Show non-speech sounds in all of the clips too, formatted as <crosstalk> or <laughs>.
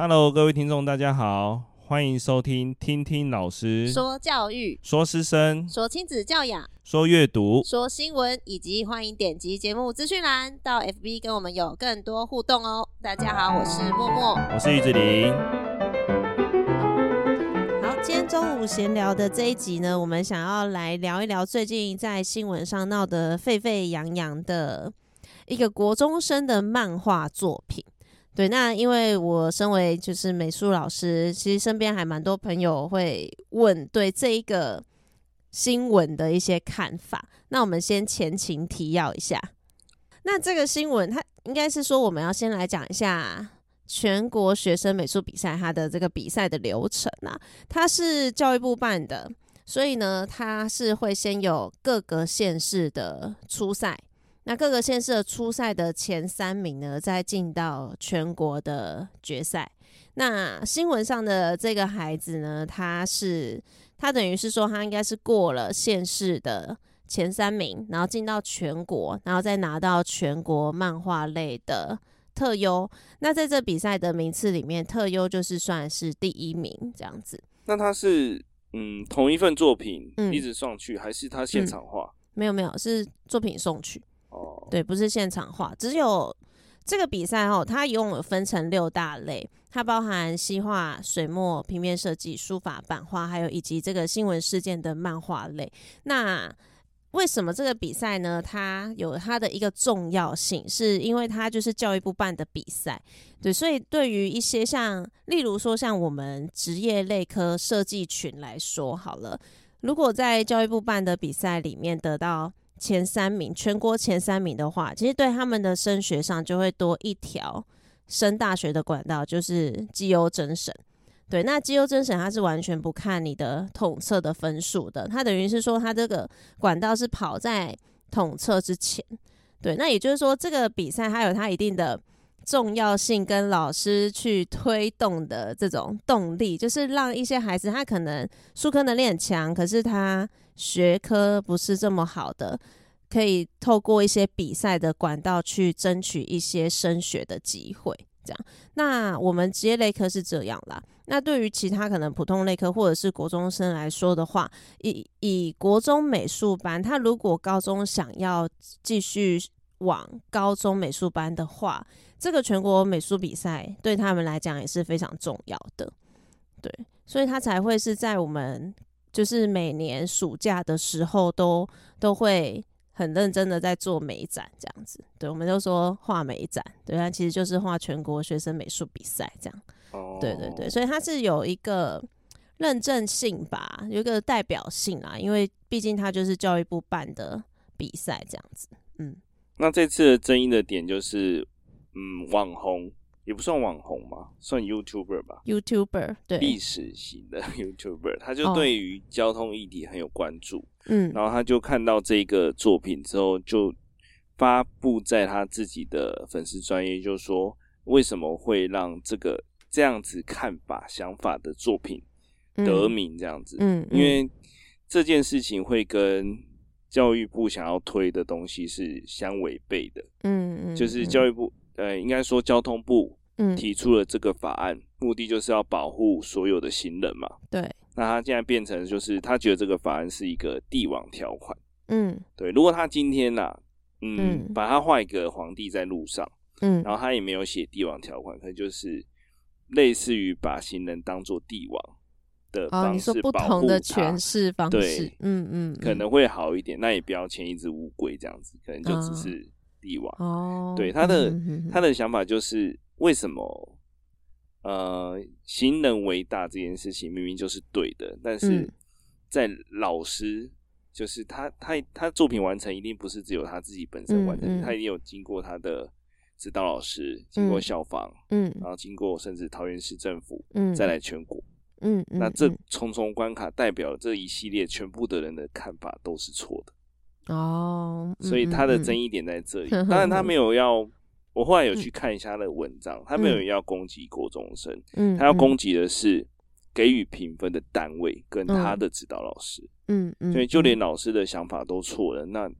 Hello，各位聽眾，大家好，歡迎收聽聽聽老師說教育、說師生、說親子教養、說閱讀、說新聞，以及歡迎點擊節目資訊欄到 FB 跟我們有更多互動哦。大家好，我是莫莫，我是魚子陵。好，今天中午閒聊的這一集呢，我們想要來聊一聊最近在新聞上鬧得沸沸揚揚的一個國中生的漫畫作品。對，那因為我身為就是美術老師，其實身邊還蠻多朋友會問對這一個新聞的一些看法。那我們先前情提要一下，那這個新聞它應該是說，我們要先來講一下全國學生美術比賽它的這個比賽的流程啊，它是教育部辦的，所以呢，它是會先有各個縣市的初賽。那各個縣市的初賽的前三名呢，再進到全國的決賽。那新聞上的這個孩子呢，他是他等於是說他應該是過了縣市的前三名，然後進到全國，然後再拿到全國漫畫類的特優。那在這比賽的名次裡面，特優就是算是第一名這樣子。那他是嗯，同一份作品一直送去，嗯，還是他現場畫？嗯，嗯，沒有沒有，是作品送去。對，不是現場畫，只有這個比賽哦，它，一共有分成六大類，它包含西畫、水墨、平面設計、書法、版畫，還有以及這個新聞事件的漫畫類。那為什麼這個比賽呢？它有它的一個重要性，是因為它就是教育部辦的比賽，對，所以對於一些像，例如說像我們職業類科設計群來說好了，如果在教育部辦的比賽裡面得到。前三名，全國前三名的話，其實對他們的升學上就會多一條升大學的管道，就是績優甄審。對，那績優甄審它是完全不看你的統測的分數的，它等於是說它這個管道是跑在統測之前。對，那也就是說這個比賽還有它一定的重要性跟老師去推動的這種動力，就是讓一些孩子他可能數科能力很強，可是他。學科不是這麼好的，可以透過一些比賽的管道去爭取一些升學的機會。這樣，那我們職業類科是這樣啦。那對於其他可能普通類科或者是國中生來說的話，以以國中美術班，他如果高中想要繼續往高中美術班的話，這個全國美術比賽對他們來講也是非常重要的。對，所以他才會是在我們。就是每年暑假的時候都都會很認真的在做美展這樣子，對，我們都說畫美展，對，但其實就是畫全國學生美術比賽這樣，哦，對對對，所以它是有一個認證性吧，有一個代表性啦，因為畢竟它就是教育部辦的比賽這樣子，嗯，那這次的爭議的點就是，嗯，網紅也不算網紅。算 YouTuber 吧，YouTuber 對，歷史型的 YouTuber，他就對於交通議題很有關註，嗯，oh, 然後他就看到這個作品之後，嗯、就發布在他自己的粉絲專頁，就說為什麼會讓這個這樣子看法、想法的作品得名這樣子，嗯，嗯嗯因為這件事情會跟教育部想要推的東西是相違背的，嗯嗯，嗯就是教育部呃，應該說交通部。提出了這個法案，目的就是要保護所有的行人嘛。對，那他現在變成就是，他覺得這個法案是一個帝王條款。嗯，對。如果他今天吶，嗯，把他畫一個皇帝在路上，嗯，然後他也沒有寫帝王條款，可能就是類似於把行人當做帝王的方式保護他。哦，你說不同的詮釋方式。對，嗯嗯，可能會好一點。那也不要牽一隻烏龜這樣子，可能就只是帝王。哦，對，他的他的想法就是。為什麼？呃，行人為大，這件事情明明就是對的，但是在老師，嗯、就是他他他作品完成一定不是只有他自己本身完成，嗯嗯、他一定有經過他的指導老師，經過校方、嗯，嗯，然後經過甚至桃園市政府，嗯，再來全國，嗯，嗯嗯，那這重重關卡代表這一系列全部的人的看法都是錯的哦，嗯、所以他的爭議點在這裡。嗯嗯、當然，他沒有要。我後來有去看一下他的文章，嗯、他沒有要攻擊國中生，嗯嗯、他要攻擊的是給予評分的單位跟他的指導老師。嗯、哦、嗯，所、嗯、以就連老師的想法都錯了，那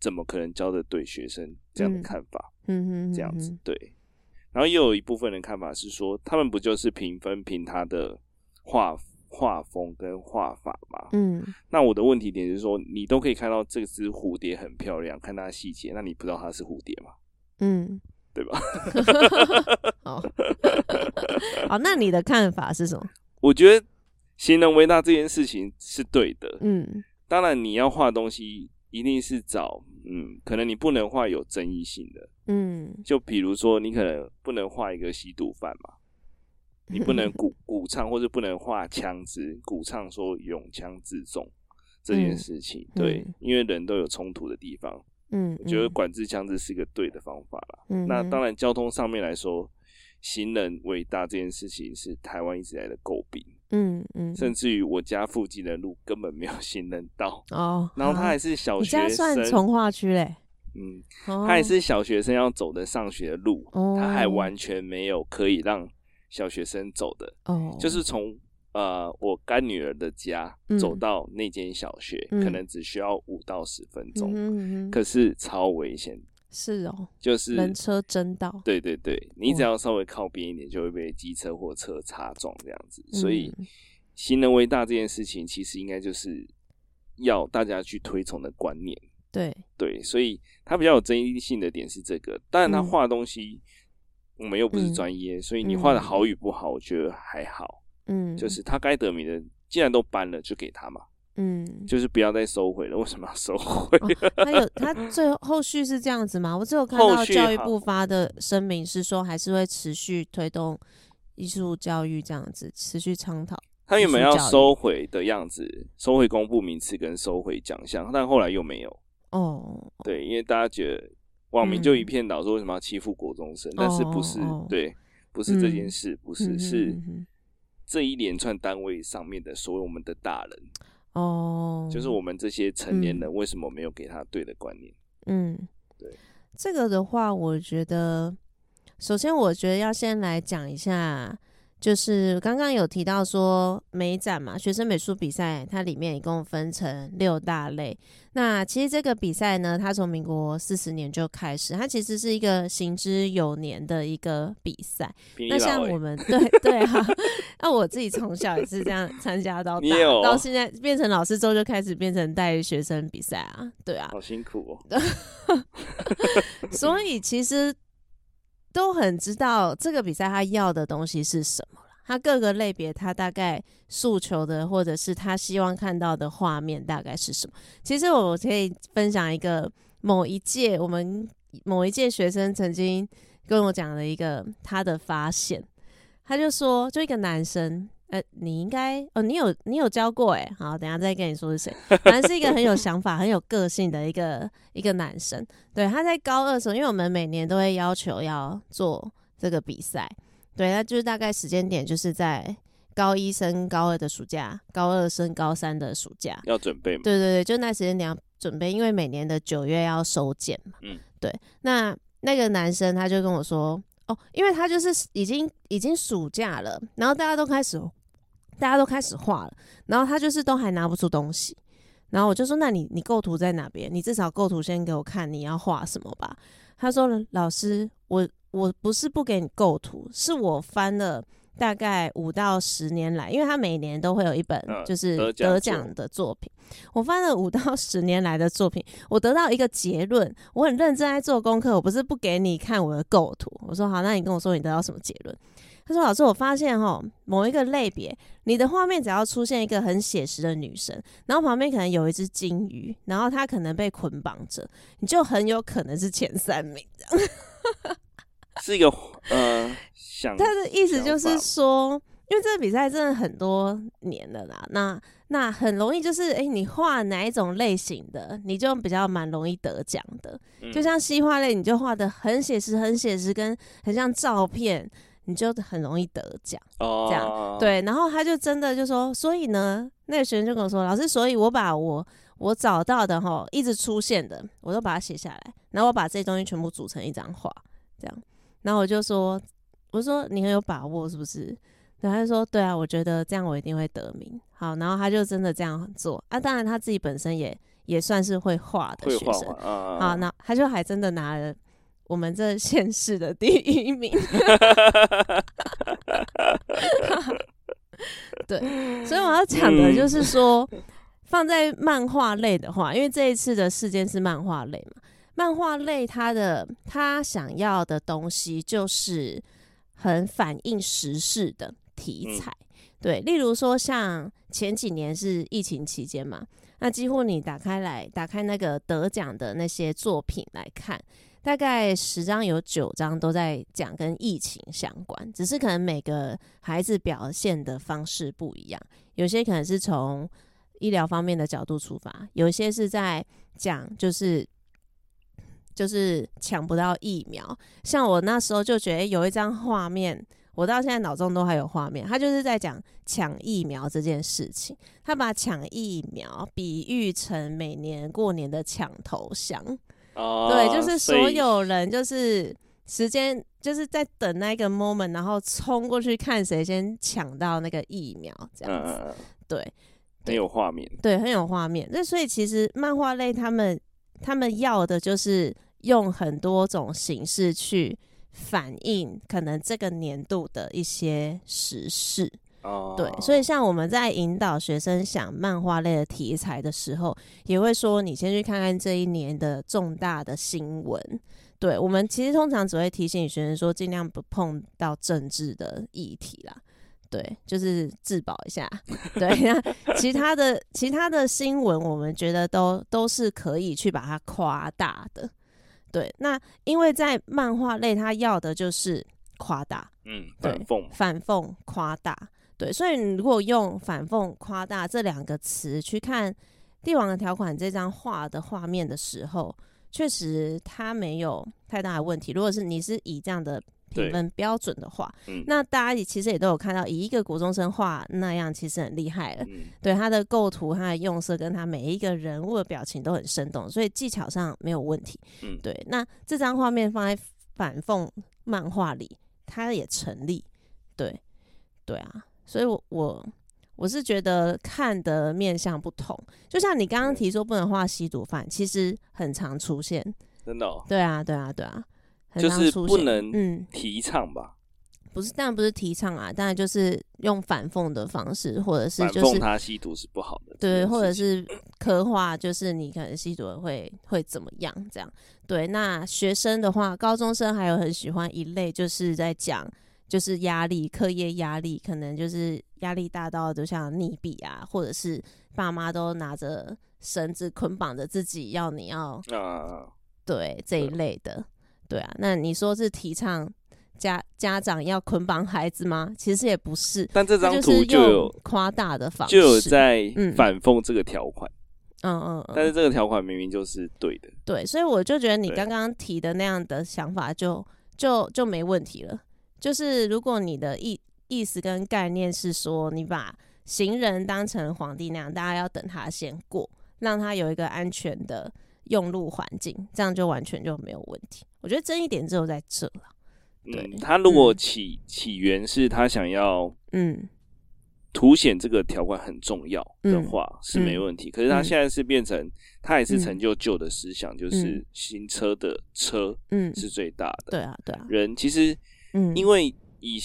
怎麼可能教得對學生這樣的看法？嗯嗯，嗯嗯嗯，這樣子對。然後又有一部分的看法是說，他們不就是評分憑他的畫畫風跟畫法嗎？嗯，那我的問題點就是說，你都可以看到這隻蝴蝶很漂亮，看它的細節，那你不知道它是蝴蝶嗎？嗯。對吧？好，好，那你的看法是什麼？我覺得行人為大這件事情是對的。嗯，當然你要畫東西，一定是找嗯，可能你不能畫有爭議性的。嗯，就比如說你可能不能畫一個吸毒犯嘛，嗯、你不能鼓鼓唱，或者不能畫槍支鼓唱說“擁槍自重”這件事情。嗯、對，嗯、因為人都有衝突的地方。嗯，嗯我覺得管制強制是一個對的方法啦。嗯，那當然，交通上面來說，行人偉大這件事情是台灣一直來的詬病。嗯嗯，嗯甚至於我家附近的路根本沒有行人道哦。然後他還是小學生，算重劃區嘞。咧嗯，他也是小學生要走的上學的路，哦，他還完全沒有可以讓小學生走的哦，就是從。呃，我乾女兒的家走到那間小學，可能只需要五到十分鐘，可是超危險。是哦，就是人車爭道。對對對，你只要稍微靠邊一點，就會被機車或車擦撞這樣子。所以，行人為大這件事情，其實應該就是要大家去推崇的觀念。對對，所以他比較有爭議性的點是這個。當然，他畫的東西，我們又不是專業，所以你畫的好與不好，我覺得還好。嗯，就是他該得名的，既然都頒了，就給他嘛。嗯，就是不要再收回了。為什麼要收回哦？他有他最後續是這樣子嗎？我只有看到教育部發的聲明是說，還是會持續推動藝術教育這樣子，持續倡導。他有沒有要收回的樣子，收回公布名次跟收回獎項，但後來又沒有。哦，對，因為大家覺得網民就一片倒，說為什麼要欺負國中生？哦、但是不是？哦、對，不是這件事，嗯、不是、嗯、是。這一連串單位上面的所謂，我們的大人，哦，oh, 就是我們這些成年人，為什麼沒有給他對的觀念？嗯，對，這個的話，我覺得，首先我覺得要先來講一下。就是剛剛有提到說美展嘛，學生美術比賽，它裡面一共分成六大類。那其實這個比賽呢，它從民國四十年就開始，它其實是一個行之有年的一個比賽。比你還會。那像我們對對啊， <laughs> 那我自己從小也是這樣參加到大，你也有。到現在變成老師之後就開始變成帶學生比賽啊，對啊，好辛苦哦。 <laughs> 所以其實。都很知道這個比賽他要的東西是什麼，他各個類別他大概訴求的，或者是他希望看到的畫面大概是什麼。其實我可以分享一個某一屆，我們某一屆學生曾經跟我講的一個他的發現，他就說，就一個男生。呃、欸，你應該哦，你有你有教過哎、欸，好，等一下再跟你說是誰。反正是一個很有想法、 <laughs> 很有個性的一個一個男生。對，他在高二的時候，因為我們每年都會要求要做這個比賽。對，那就是大概時間點就是在高一升高二的暑假，高二升高三的暑假要準備嘛？對對對，就那時間點要準備，因為每年的九月要收件嘛。嗯，對。那那個男生他就跟我說，哦，因為他就是已經已經暑假了，然後大家都開始。大家都開始畫了，然後他就是都還拿不出東西，然後我就說：那你你構圖在哪邊？你至少構圖先給我看，你要畫什麼吧？他說：老師，我我不是不給你構圖，是我翻了大概五到十年來，因為他每年都會有一本就是得獎的作品，我翻了五到十年來的作品，我得到一個結論，我很認真在做功課，我不是不給你看我的構圖。我說好，那你跟我說你得到什麼結論？他說：“但是老師，我發現哦，某一個類別，你的畫面只要出現一個很寫實的女生，然後旁邊可能有一隻金魚，然後它可能被捆綁着，你就很有可能是前三名這樣。 <laughs> ”是一個呃，想他的意思就是說，因為這個比賽真的很多年了啦，那那很容易就是，哎、欸，你畫哪一種類型的，你就比較蠻容易得獎的。嗯、就像西畫類，你就畫的很寫實，很寫實，跟很像照片。你就很容易得獎，這樣，oh. 這樣，對，然後他就真的就說，所以呢，那個學生就跟我說，老師，所以我把我我找到的齁，一直出現的，我都把它寫下來，然後我把這些東西全部組成一張畫，這樣，然後我就說，我說你很有把握是不是？然後他就說，對啊，我覺得這樣我一定會得名，好，然後他就真的這樣做，啊，當然他自己本身也也算是會畫的學生，啊、好，那他就還真的拿了。我們這縣市的第一名， <laughs> 對，所以我要講的就是說，嗯、放在漫畫類的話，因為這一次的事件是漫畫類嘛，漫畫類它的它想要的東西就是很反映時事的題材，對，例如說像前幾年是疫情期間嘛，那幾乎你打開來打開那個得獎的那些作品來看。大概十張有九張都在講跟疫情相關，只是可能每個孩子表現的方式不一樣。有些可能是從醫療方面的角度出發，有些是在講就是就是搶不到疫苗。像我那時候就覺得有一張畫面，我到現在腦中都還有畫面，他就是在講搶疫苗這件事情，他把搶疫苗比喻成每年過年的搶頭香。哦，uh, 對，就是所有人，就是時間，所以，就是在等那個 moment，然後衝過去看誰先搶到那個疫苗，這樣子。Uh, 對，很有畫面對。對，很有畫面。那所以其實漫畫類他們他們要的就是用很多種形式去反映可能這個年度的一些時事。哦，oh. 對，所以像我們在引導學生想漫畫類的題材的時候，也會說你先去看看這一年的重大的新聞。對，我們其實通常只會提醒學生說，儘量不碰到政治的議題啦。對，就是自保一下。 <laughs> 對，那其他的其他的新聞，我們覺得都都是可以去把它誇大的。對，那因為在漫畫類，他要的就是誇大。嗯，對，反諷誇大。對，所以你如果用反諷、誇大這兩個詞去看《帝王的條款》這張畫的畫面的時候，確實它沒有太大的問題。如果是你是以這樣的評分標準的話，對那大家也其實也都有看到，以一個國中生畫那樣，其實很厲害了。嗯、對，它的構圖、它的用色，跟它每一個人物的表情都很生動，所以技巧上沒有問題。嗯、對，那這張畫面放在反諷漫畫裡，它也成立。對，對啊。所以我，我我我是覺得看的面相不同，就像你剛剛提說不能畫吸毒犯，嗯、其實很常出現。真的、哦？對啊，對啊，對啊，很常出現，就是不能提，嗯，提倡吧？不是，當然不是提倡啊，當然就是用反諷的方式，或者是就是他吸毒是不好的，對，或者是刻畫就是你可能吸毒會會怎麼樣這樣？對，那學生的話，高中生還有很喜歡一類就是在講。就是壓力，課業壓力，可能就是壓力大到就像溺斃啊，或者是爸媽都拿着繩子捆綁着自己，要你要啊，啊，啊，對這一類的，嗯、對啊，那你說是提倡家家長要捆綁孩子嗎？其實也不是，但這張圖就有誇大的方式，就有在反諷這個條款，嗯嗯，嗯嗯，但是這個條款明明就是對的，對，所以我就覺得你剛剛提的那樣的想法就，對就就就沒問題了。就是如果你的意意思跟概念是說，你把行人當成皇帝那樣，大家要等他先過，讓他有一個安全的用路環境，這樣就完全就沒有問題。我覺得爭議點就在這了。對、嗯，他如果起、嗯、起源是他想要，嗯，凸顯這個條款很重要的話、嗯、是沒問題。嗯、可是他現在是變成，嗯、他也是成就舊的思想，嗯、就是新車的車，嗯，是最大的、嗯。對啊，對啊。人其實。嗯，因為以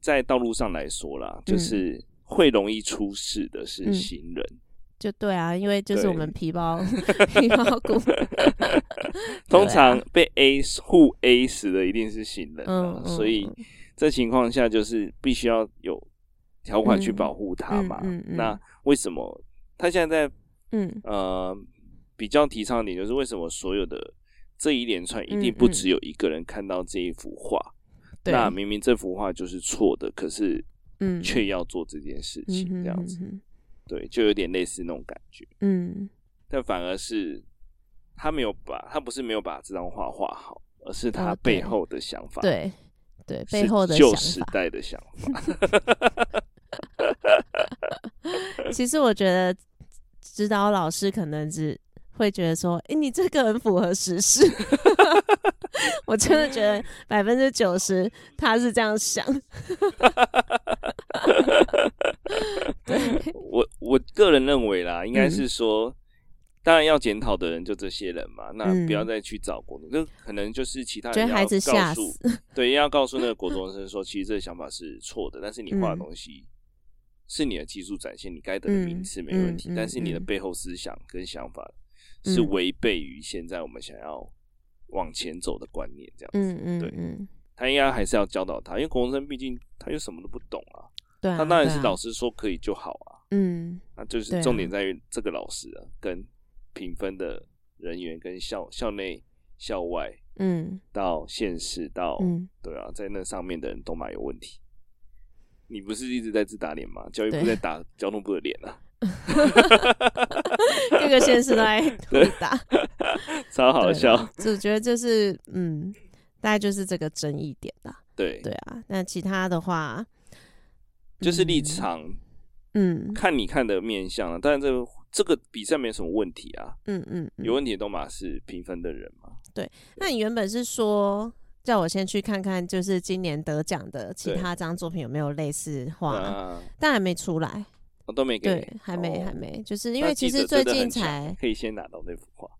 在道路上來說啦，嗯、就是會容易出事的是行人、嗯，就對啊，因為就是我們皮包皮包骨，對 <laughs> <laughs> 通常被 A 互 A 死的一定是行人，嗯、所以這情況下就是必須要有條款去保護他嘛。嗯嗯嗯嗯、那為什麼他現在在嗯呃比較提倡一點就是為什麼所有的這一連串一定不只有一個人看到這一幅畫？嗯嗯對那明明這幅畫就是錯的，可是，嗯，卻要做這件事情，這樣子，嗯嗯嗯、對，就有點類似那種感覺，嗯，但反而是他沒有把，他不是沒有把這張畫畫好，而是他背後的想法，okay, 想法對，對，背後的舊時代的想法。 <laughs> 其實我覺得指導老師可能是。會覺得說，哎、欸，你這個很符合時事。 <laughs> 我真的覺得百分之九十他是這樣想。 <laughs> 對我我個人認為啦，應該是說，嗯、當然要檢討的人就這些人嘛，那不要再去找國中，嗯、可能就是其他人要告訴。覺得孩子嚇死。對，要告訴那個國中生說， <laughs> 其實這個想法是錯的，但是你畫的東西是你的技術展現，嗯、你該得的名次沒問題，嗯嗯嗯嗯但是你的背後思想跟想法，是違背於現在我們想要往前走的觀念，這樣子，嗯、對、嗯嗯、他應該還是要教導他，因為國中生畢竟他又什麼都不懂啊，對啊，他當然是老師說可以就好啊，啊嗯，那就是重點在於這個老師啊，啊跟評分的人員、跟校校內、校外，嗯，到縣市到，嗯、對啊，在那上面的人都蠻有問題，你不是一直在自打臉嗎？教育部在打交通部的臉啊。哈哈哈個現市都愛大超好笑。我覺得就是，嗯，大概就是這個爭議點啦。對對啊，那其他的話、嗯，就是立場，嗯，看你看的面向了、啊。但是這個這個比賽沒什麼問題啊。嗯嗯，有問題都嘛是評分的人嘛。對，那你原本是說叫我先去看看，就是今年得獎的其他張作品有沒有類似畫，但還沒出來。都沒給，對，還沒還沒，哦、就是因為其實最近才可以先拿到那幅畫。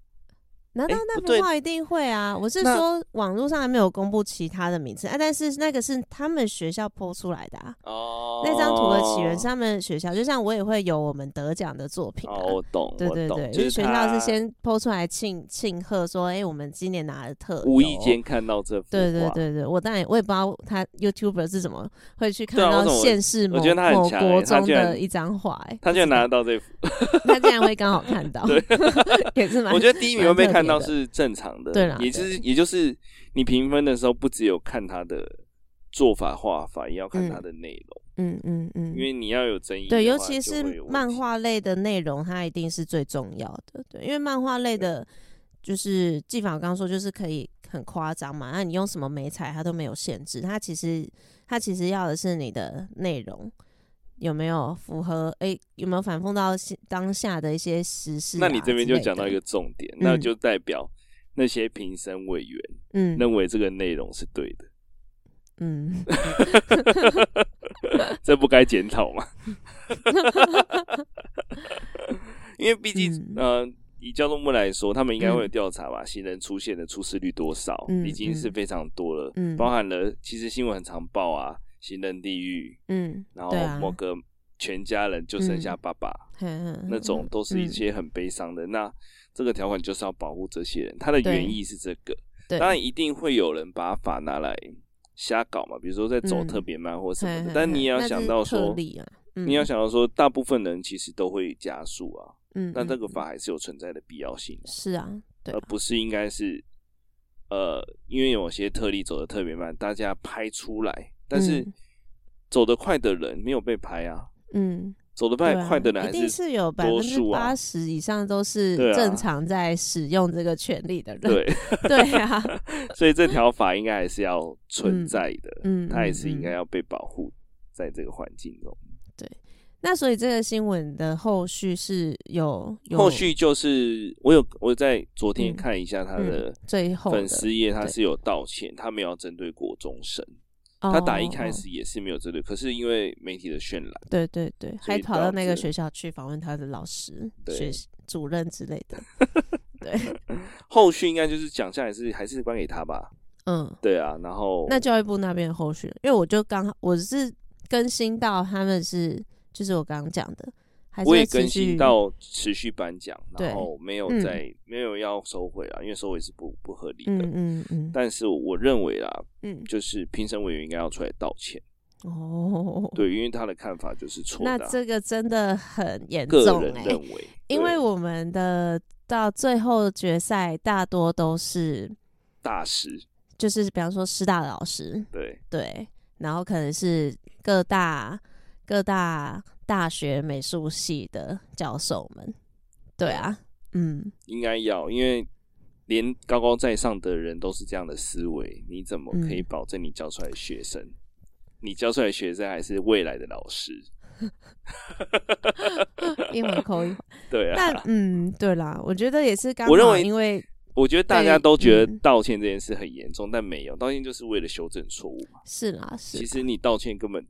難道那幅畫一定會啊？我是說，網絡上還沒有公布其他的名字啊。但是那個是他們學校 PO 出來的哦，那張圖的起源是他們學校。就像我也會有我們得獎的作品。哦，我懂，對對對，就是學校是先 PO 出來慶慶賀說，哎，我們今年拿了特。無意間看到這幅畫。對對對對，我當然我也不知道他 YouTuber 是怎麼會去看到縣市某某國中的一張畫哎，他竟然拿得到這幅，他竟然會剛好看到，也是蠻。我覺得第一名會被看。看到是正常的，對啦了、就是。也就是也就是你評分的時候，不只有看他的做法畫法，也要看他的內容，嗯嗯嗯，嗯嗯嗯，因為你要有爭議的。對，尤其是漫畫類的內容，它一定是最重要的。對，因為漫畫類的，就是技法，我剛剛說就是可以很誇張嘛，那、啊、你用什麼媒材，它都沒有限制。它其實，它其實要的是你的內容。有沒有符合？哎、欸，有沒有反諷到當下的一些時事、啊？那你這邊就講到一個重點，嗯、那就代表那些評審委員，嗯，認為這個內容是對的，嗯， <laughs> <laughs> 這不該檢討嗎？ <laughs> 因為畢竟，嗯、呃，以交通部來說，他們應該會有調查吧？行人出現的出事率多少，嗯、已經是非常多了，嗯、包含了其實新聞很常報啊。行人地獄，嗯，然後某個全家人就剩下爸爸，嗯、那種都是一些很悲傷的。嗯、那這個條款就是要保護這些人，他、嗯、的原意是這個。對當然一定會有人把法拿來瞎搞嘛，比如說在走特別慢或什麼的。嗯、嘿嘿嘿，但你要想到說，啊嗯、你要想到說，大部分人其實都會加速啊。嗯，那這個法還是有存在的必要性的。是啊，啊而不是應該是，呃，因為有些特例走得特別慢，大家拍出來。但是走得快的人沒有被拍啊，嗯，走得快快的人，還、啊、一定是有百分之八十以上都是正常在使用這個權利的人，對對啊。對啊 <laughs> 所以這條法應該還是要存在的，嗯，他也是應該要被保護在這個環境中，嗯嗯嗯。對，那所以這個新聞的後續是有，有後續，就是我有我在昨天看一下他的，嗯嗯、最後粉絲頁，他是有道歉，對他沒有針對國中生。哦、他打一開始也是沒有這類，可是因為媒體的渲染，對對對，還跑到那個學校去訪問他的老師、對學主任之類的， <laughs> 對。後續應該就是獎項是還是頒給他吧？嗯，對啊，然後那教育部那邊後續，因為我就剛好我是更新到他們是就是我剛剛講的。我也更新到持續頒獎，然後沒有再沒有要收回了，因為收回是不不合理的。嗯嗯但是我認為啦，嗯，就是評審委員應該要出來道歉。哦。對，因為他的看法就是錯的。那這個真的很嚴重。個人認為，因為我們的到最後決賽大多都是大師，就是比方說師大的老師。對對，然後可能是各大各大。大學美術系的教授們，對啊，嗯，應該要，因為連高高在上的人都是這樣的思維，你怎麼可以保證你教出來學生？你教出來學生還是未來的老師？因回扣一回，對啊，但嗯，對啦，我覺得也是，我認為，因為我覺得大家都覺得道歉這件事很嚴重，但沒有道歉就是為了修正錯誤嘛。是啦，是，其實你道歉根本。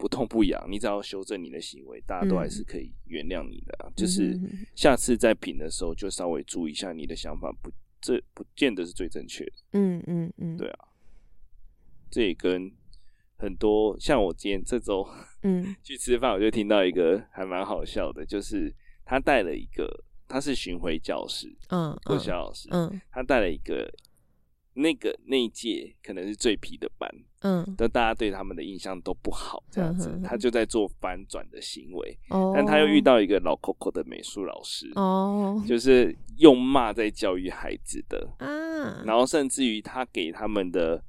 不痛不癢，你只要修正你的行為，大家都還是可以原諒你的、啊。嗯、就是下次再品的時候，就稍微注意一下你的想法，不，這不見得是最正確的。嗯嗯嗯，嗯嗯對啊，這也跟很多像我今天這週，嗯，去吃飯我就聽到一個還蠻好笑的，就是他帶了一個，他是巡迴教師，嗯，國小老師，嗯，他帶了一個、嗯、那個那一屆可能是最皮的班。嗯，但大家對他們的印象都不好，這樣子，嗯、哼哼他就在做翻轉的行為。哦，但他又遇到一個老扣扣的美術老師，哦，就是用罵在教育孩子的啊，然後甚至於他給他們的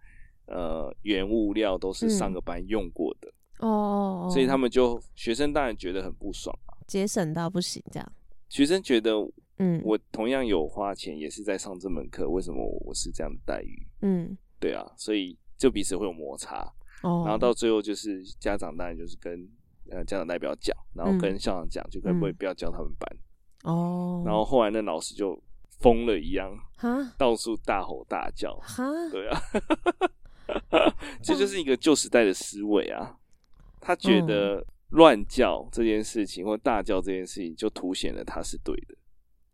呃原物料都是上個班用過的哦，嗯、所以他們就學生當然覺得很不爽啊，節省到不行這樣。學生覺得，嗯，我同樣有花錢，也是在上這門課，為什麼我是這樣的待遇？嗯，對啊，所以。就彼此會有摩擦，oh. 然後到最後就是家長當然就是跟呃家長代表講，然後跟校長講，嗯、就可不可以不要教他們班？哦，oh. 然後後來那老師就瘋了一樣，Huh? 到處大吼大叫，哈，Huh? 對啊，這 <laughs> 就，就是一個舊時代的思維啊，他覺得亂叫這件事情或大叫這件事情就凸顯了他是對的，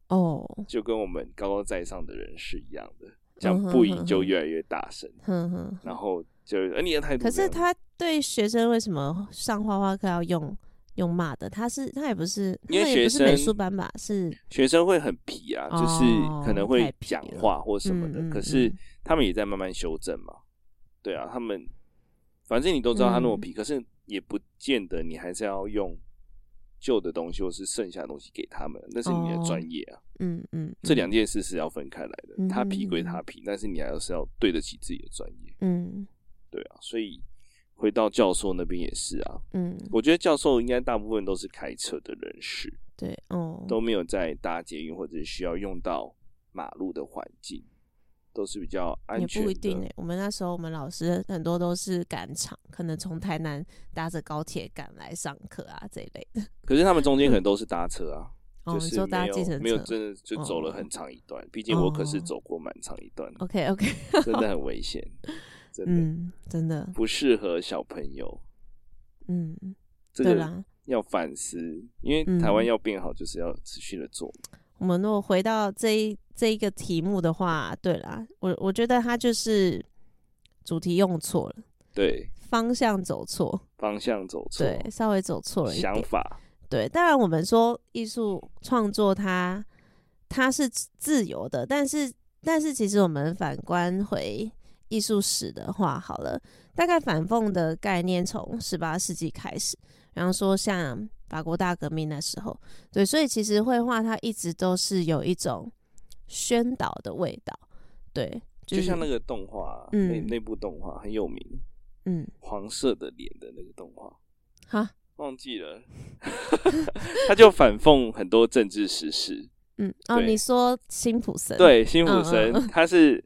哦，oh. 就跟我們高高在上的人是一樣的。這樣不贏就越來越大聲，嗯、哼哼哼然後就，而、欸、你也，態。可是他對學生為什麼上畫畫課要用用罵的？他是他也不是，因為學生也不是美術班吧是。學生會很皮啊，就是可能會講話或什麼的。嗯嗯嗯、可是他們也在慢慢修正嘛，對啊，他們反正你都知道他那麼皮，嗯、可是也不見得你還是要用。舊的東西或是剩下的東西給他們，那是你的專業啊。嗯、oh, 嗯，嗯嗯，這兩件事是要分開來的。嗯、他皮歸他皮，嗯、但是你還是要對得起自己的專業。嗯，對啊，所以回到教授那邊也是啊。嗯，我覺得教授應該大部分都是開車的人士。對哦，oh. 都沒有在搭捷運或者需要用到馬路的環境。都是比較安全的，也不一定呢、欸，我們那時候，我們老師很多都是趕場，可能從台南搭着高鐵趕來上課啊這一類的。可是他們中間可能都是搭車啊，嗯哦、就是沒有就搭計程車，沒有真的就走了很長一段。畢、哦、竟我可是走過蠻長一段的。OK OK，、哦、真的很危險，真的真的不適合小朋友。嗯，這個對啦，要反思，因為台灣要變好，就是要持續的做。我們如果回到這一這一,一個題目的話，對啦，我我覺得它就是主題用錯了，對，方向走錯，方向走錯，對，稍微走錯了一點，想法。對，當然我們說藝術創作它它是自由的，但是但是其實我們反觀回藝術史的話，好了，大概反諷的概念從十八世紀開始，然後說像。法國大革命那時候，對，所以其實繪畫它一直都是有一種宣導的味道，對，就是，就像那個動畫，那、嗯欸、那部動畫很有名，嗯，黃色的臉的那個動畫，哈，忘記了， <laughs> 他就反諷很多政治事實，嗯 <laughs> 對，哦，你說辛普森，對，辛普森，嗯嗯他是。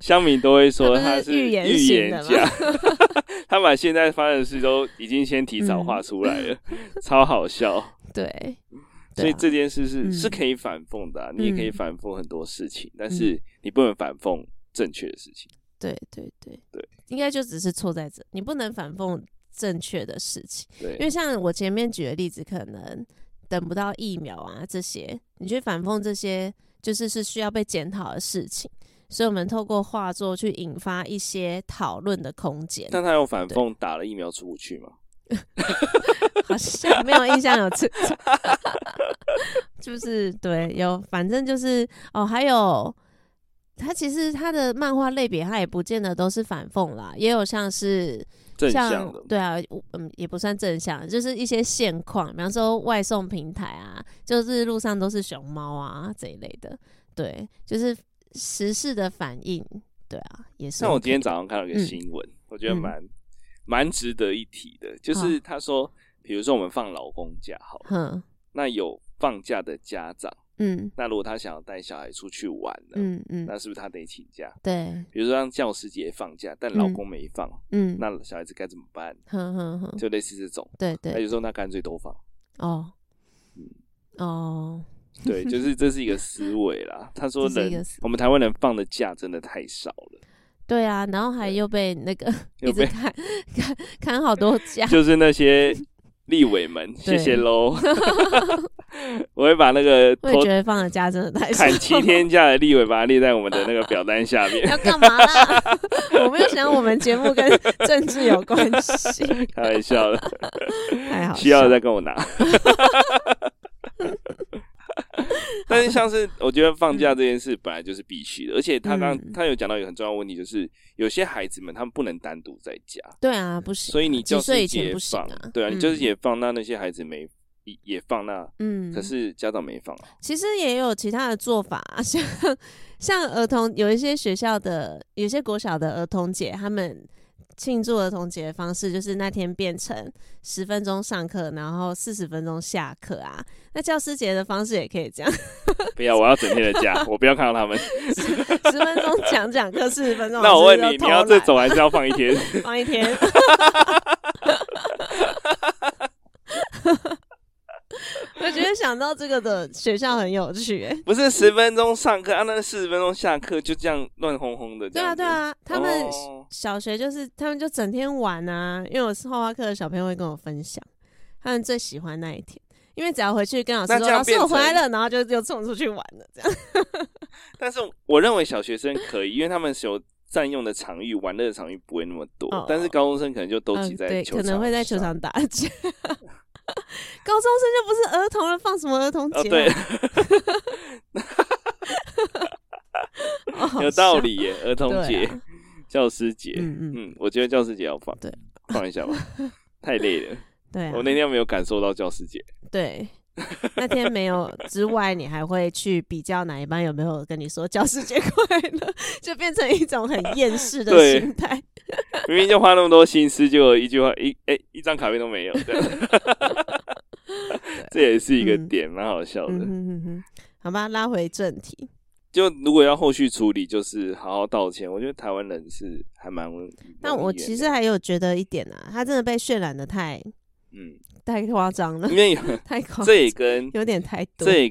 香米 <laughs> 都會說他是預言家， <laughs> 他把現在發生的事都已經先提早畫出來了，超好笑。對，所以這件事是是可以反諷的，啊，你也可以反諷很多事情，但是你不能反諷正確的事情。對對對，應該就只是錯在這，你不能反諷正確的事情。對，因為像我前面舉的例子，可能等不到疫苗啊這些，你去反諷這些就是是需要被檢討的事情。所以，我們透過畫作去引發一些討論的空間。但他有反諷打了疫苗出不去嗎？對 <laughs> 好像沒有印象有這 <laughs> 就是對，有，反正就是哦，還有他其實他的漫畫類別，他也不見得都是反諷啦，也有像是像正向的，對啊，嗯，也不算正向，就是一些現況，比方說外送平台啊，就是路上都是熊貓啊這一類的，對，就是。時事的反應，對啊，也是。那我今天早上看了一個新聞，我覺得蠻蠻值得一提的，就是他說，比如說我們放老公假，好，那有放假的家長，嗯，那如果他想要帶小孩出去玩呢，嗯嗯，那是不是他得請假？對。比如說讓教師節放假，但老公沒放，嗯，那小孩子該怎麼辦？哼哼，就類似這種，對對。他就說那乾脆都放。哦，哦。對，就是這是一個思維啦。他說：“我們台灣人放的假真的太少了。”對啊，然後還又被那個，又被砍砍好多假，就是那些立委們，謝謝嘍。我會把那個，我也覺得放的假真的太少，砍七天假的立委把它列在我們的那個表單下面，要幹嘛啦？我沒有想我們節目跟政治有關係，開玩笑了太好，需要再跟我拿。 <laughs> 但是，像是我覺得放假這件事本來就是必須的，而且他剛他有講到一個很重要的問題，就是有些孩子們他們不能單獨在家。對啊，不是。所以你就是也放，對啊，你就是也放。那那些孩子沒也放那，嗯，可是家長沒放。其實也有其他的做法啊，像像兒童有一些學校的有些國小的兒童節，他們。慶祝兒童節的方式就是那天變成十分鐘上課，然後四十分鐘下課啊。那教師節的方式也可以這樣。 <laughs> 不要，我要整天的假， <laughs> 我不要看到他們。 <laughs> 十,十分鐘講講課，四十分鐘。那我問你，是是你要這種還是要放一天？ <laughs> 放一天。 <laughs> <laughs> <laughs> 我覺得想到這個的學校很有趣。欸，不是十分鐘上課，然、啊、後四十分鐘下課，就這樣亂哄哄的這樣。對啊，對啊，他們小學就是、哦、他們就整天玩啊，因為我是畫畫課的小朋友，會跟我分享他們最喜歡那一天，因為只要回去跟老師說老師、啊、我回來了，然後就又衝出去玩了這樣。 <laughs> 但是我認為小學生可以，因為他們所占用的場域玩樂的場域不會那麼多，哦哦但是高中生可能就都擠在球場、嗯、可能會在球場打架。 <laughs> 高中生就不是兒童了，放什麼兒童節、啊哦？對，有道理耶。兒童節、啊、教師節、嗯，嗯嗯，我覺得教師節要放，對，放一下吧。 <laughs> 太累了，對、啊、我那天沒有感受到教師節。對，那天沒有之外，你還會去比較哪一班有沒有跟你說教師節快樂，就變成一種很厭世的心態。 <laughs> 明明就花那麼多心思，就一句話一誒，一張、欸、卡片都沒有，對, <laughs> 對 <laughs> 這也是一個點，蠻、嗯、好笑的、嗯哼哼哼。好吧，拉回正題。就如果要後續處理，就是好好道歉。我覺得台灣人是還蠻……但我其實還有覺得一點啊，他真的被渲染得太……嗯，太誇張了，有太誇張，這一根有點太多，這一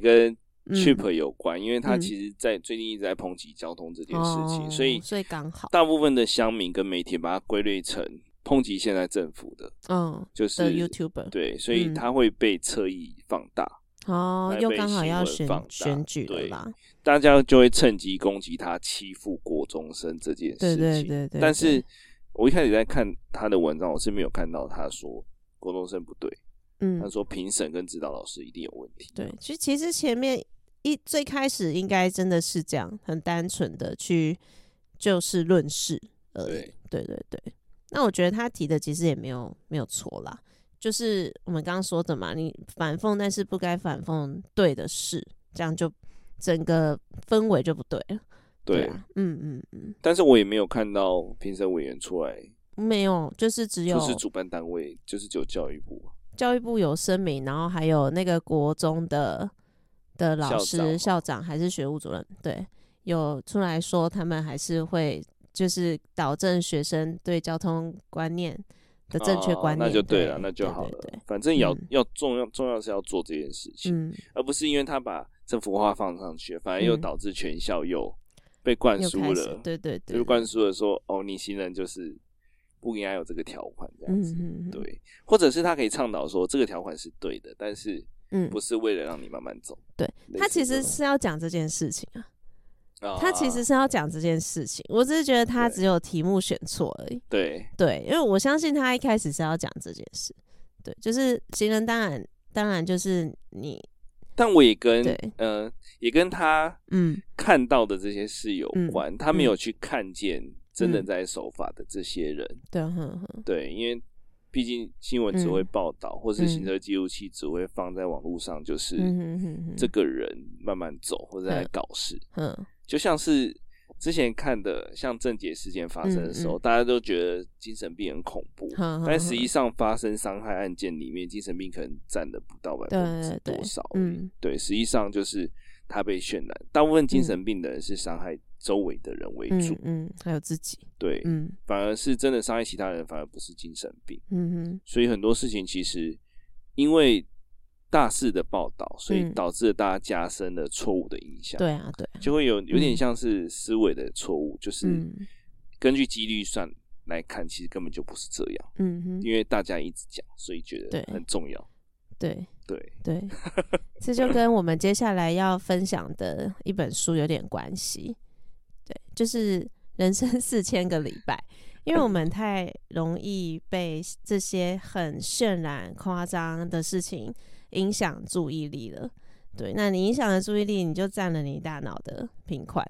c p 有關，因為他其實，在最近一直在抨擊交通這件事情，所以所以剛好大部分的鄉民跟媒體把它歸類成抨擊現在政府的，嗯，就是 YouTuber 對，所以他會被側翼放大哦，又剛好要選選舉對吧？大家就會趁機攻擊他欺負國中生這件事情，對對對。但是，我一開始在看他的文章，我是沒有看到他說國中生不對，嗯，他說評審跟指導老師一定有問題。對，其實其實前面。一最開始應該真的是這樣，很單純的去就事論事而已。對，對對對，那我覺得他提的其實也沒有沒有錯啦，就是我們剛剛說的嘛，你反諷，但是不該反諷對的事，這樣就整個氛圍就不對了。對啊，對，嗯嗯嗯。但是我也沒有看到評審委員出來，沒有，就是只有就是主辦單位，就是只有教育部。教育部有聲明，然後還有那個國中的，的老師、校長,校長還是學務主任，對，有出來說他們還是會，就是導正學生對交通觀念的正確觀念哦哦哦，那就對了，對那就好了。對對對對反正要、嗯、要重要重要是要做這件事情，嗯、而不是因為他把這幅畫放上去，反而又導致全校又被灌輸了，對對對，就灌輸了說哦，你行人就是不應該有這個條款這樣子，嗯、哼哼哼對，或者是他可以倡導說這個條款是對的，但是。嗯，不是為了讓你慢慢走。對，他其實是要講這件事情啊，啊啊他其實是要講這件事情。我只是覺得他只有題目選錯而已。對對，因為我相信他一開始是要講這件事。對，就是行人當然當然就是你，但我也跟嗯對、呃、也跟他嗯看到的這些事有關，嗯、他沒有去看見真的在守法的這些人。嗯、對呵呵對，因為。畢竟新聞只會報道，嗯、或是行車記錄器只會放在網絡上，就是這個人慢慢走或者在搞事。嗯，嗯嗯嗯就像是之前看的，像鄭捷事件發生的時候，嗯嗯、大家都覺得精神病很恐怖，嗯嗯、但實際上發生傷害案件裡面，嗯嗯、精神病可能佔的不到百分之多少。對對對嗯，對，嗯對，實際上就是他被渲染，大部分精神病的人是傷害、嗯。嗯周圍的人為主嗯，嗯，還有自己，對，嗯，反而是真的傷害其他人，反而不是精神病，嗯哼，所以很多事情其實因為大肆的報道，所以導致了大家加深了錯誤的印象，對啊、嗯，對，就會有有點像是思維的錯誤，嗯、就是根據機率算來看，其實根本就不是這樣，嗯哼，因為大家一直講，所以覺得對很重要，對，對，對，對 <laughs> 這就跟我們接下來要分享的一本書有點關係。對，就是人生四千個禮拜，因為我們太容易被這些很渲染、誇張的事情影響注意力了。對，那你影響的注意力，你就佔了你大腦的頻寬，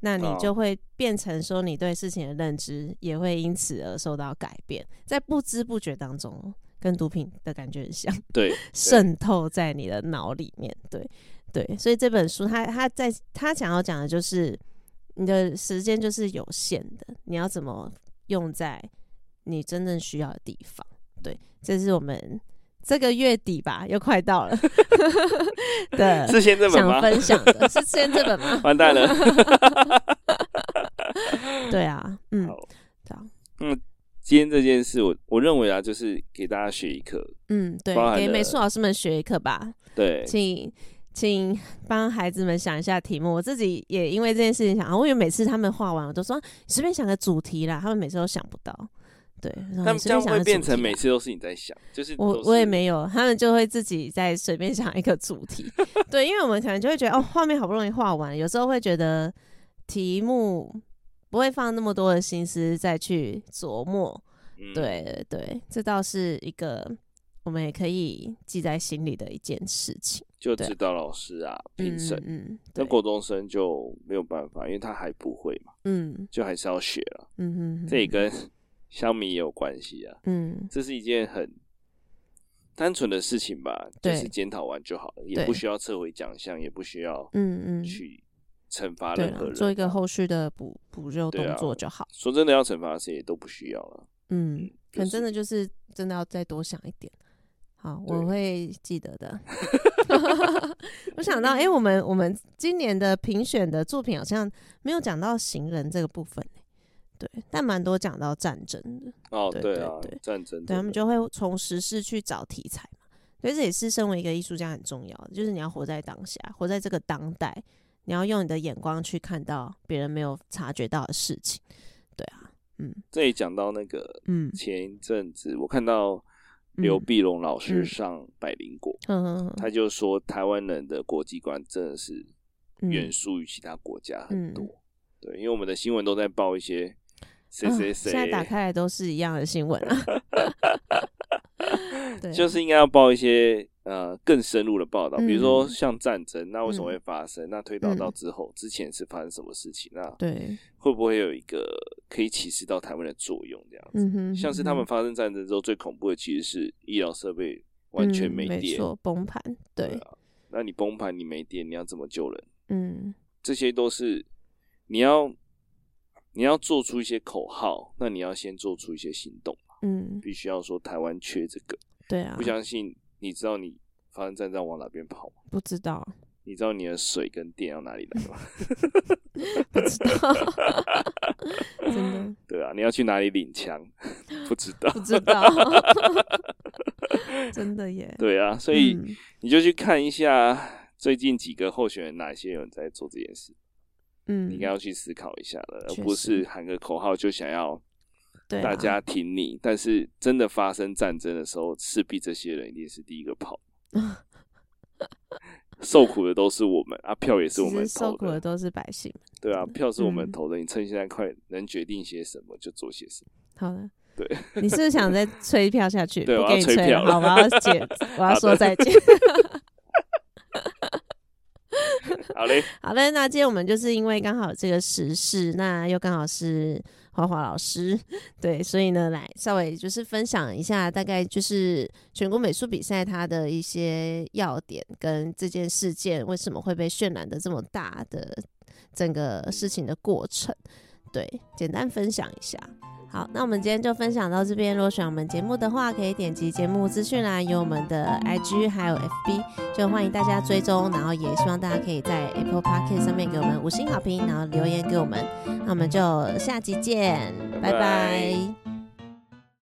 那你就會變成說，你對事情的認知也會因此而受到改變，在不知不覺當中，跟毒品的感覺很像，對，滲透在你的腦裡面。對，對，所以這本書它，它他在他想要講的就是。你的時間就是有限的，你要怎麼用在你真正需要的地方？對，這是我們這個月底吧，又快到了。對，是先這本嗎？想分享的是先這本嗎？完蛋了！ <laughs> <laughs> 對啊，嗯，這樣好。嗯，今天這件事我，我我認為啊，就是給大家學一課。嗯，對，給美術老師們學一課吧。對，請。請幫孩子們想一下題目。我自己也因為這件事情想啊，我以為每次他們畫完我，我都說隨便想個主題啦。他們每次都想不到，對。但將會變成每次都是你在想，就是，是我我也沒有，他們就會自己在隨便想一個主題。 <laughs> 對，因為我們可能就會覺得哦，畫面好不容易畫完，有時候會覺得題目不會放那麼多的心思再去琢磨。對對，這倒是一個我們也可以記在心裡的一件事情。就指導老師啊評審，那國中生就沒有辦法，因為他還不會嘛，嗯，就還是要學了，嗯，這也跟鄉民有關係啊，嗯，這是一件很單純的事情吧，就是檢討完就好了，也不需要撤回獎項，也不需要，嗯嗯，去懲罰任何人，做一個後續的補補救動作就好。說真的，要懲罰的事也都不需要了，嗯，可能真的就是真的要再多想一點，好，我會記得的。 <laughs> <laughs> 我想到，哎、欸，我們我們今年的評選的作品好像沒有講到行人這個部分，對，但蠻多講到戰爭的。哦，對啊，對戰爭的對，對他們就會從時事去找題材嘛。所以這也是身為一個藝術家很重要的，就是你要活在當下，活在這個當代，你要用你的眼光去看到別人沒有察覺到的事情。對啊，嗯，這裡講到那個，嗯，前一陣子我看到。劉、嗯、碧龍老師上百靈果，嗯嗯嗯嗯嗯、他就說台灣人的國際觀真的是遠輸於其他國家很多。嗯嗯、對，因為我們的新聞都在報一些誰誰誰，現在打開來都是一樣的新聞啊。 <laughs> <laughs> 對，就是應該要報一些。呃，更深入的報道，比如說像戰爭，那為什麼會發生？嗯、那推導到之後，嗯、之前是發生什麼事情？嗯、那會不會有一個可以啟示到台灣的作用？這樣子，嗯、哼像是他們發生戰爭之後，嗯、哼最恐怖的其實是醫療設備完全沒電、嗯，沒錯、崩盤，對。對啊，那你崩盤，你沒電，你要怎麼救人？嗯，這些都是你要你要做出一些口號，那你要先做出一些行動嘛，嗯，必須要說台灣缺這個，對啊，不相信。你知道你發生戰爭往哪邊跑嗎？不知道。你知道你的水跟電要哪裡來嗎？ <laughs> 不知道， <laughs> 真的。對啊，你要去哪裡領槍？ <laughs> 不知道，不知道， <laughs> 真的耶。對啊，所以、嗯、你就去看一下最近幾個候選人哪些人在做這件事。嗯，你應該要去思考一下了，實而不是喊個口號就想要。對啊，大家挺你，但是真的發生戰爭的時候，勢必這些人一定是第一個跑， <laughs> 受苦的都是我們。啊，票也是我們投的受苦的，都是百姓。對啊，票是我們投的，嗯，你趁現在快能決定些什麼就做些什麼。好的，對，你是不是想再吹一票下去？ <laughs> 對，我要吹票給你吹。好，我要見， <laughs> 我要說再見。的 <laughs> 好嘞，好嘞，那今天我們就是因為剛好這個時事，那又剛好是華華老師，對，所以呢，來稍微就是分享一下，大概就是全國美術比賽它的一些要點，跟這件事件為什麼會被渲染的這麼大的整個事情的過程，對，簡單分享一下。好，那我們今天就分享到這邊。如果喜歡我們節目的話，可以點擊節目資訊啦，有我們的 IG 還有 FB，就歡迎大家追蹤。然後也希望大家可以在 Apple Podcast 上面給我們五星好評，然後留言給我們。那我們就下集見，拜拜。拜拜。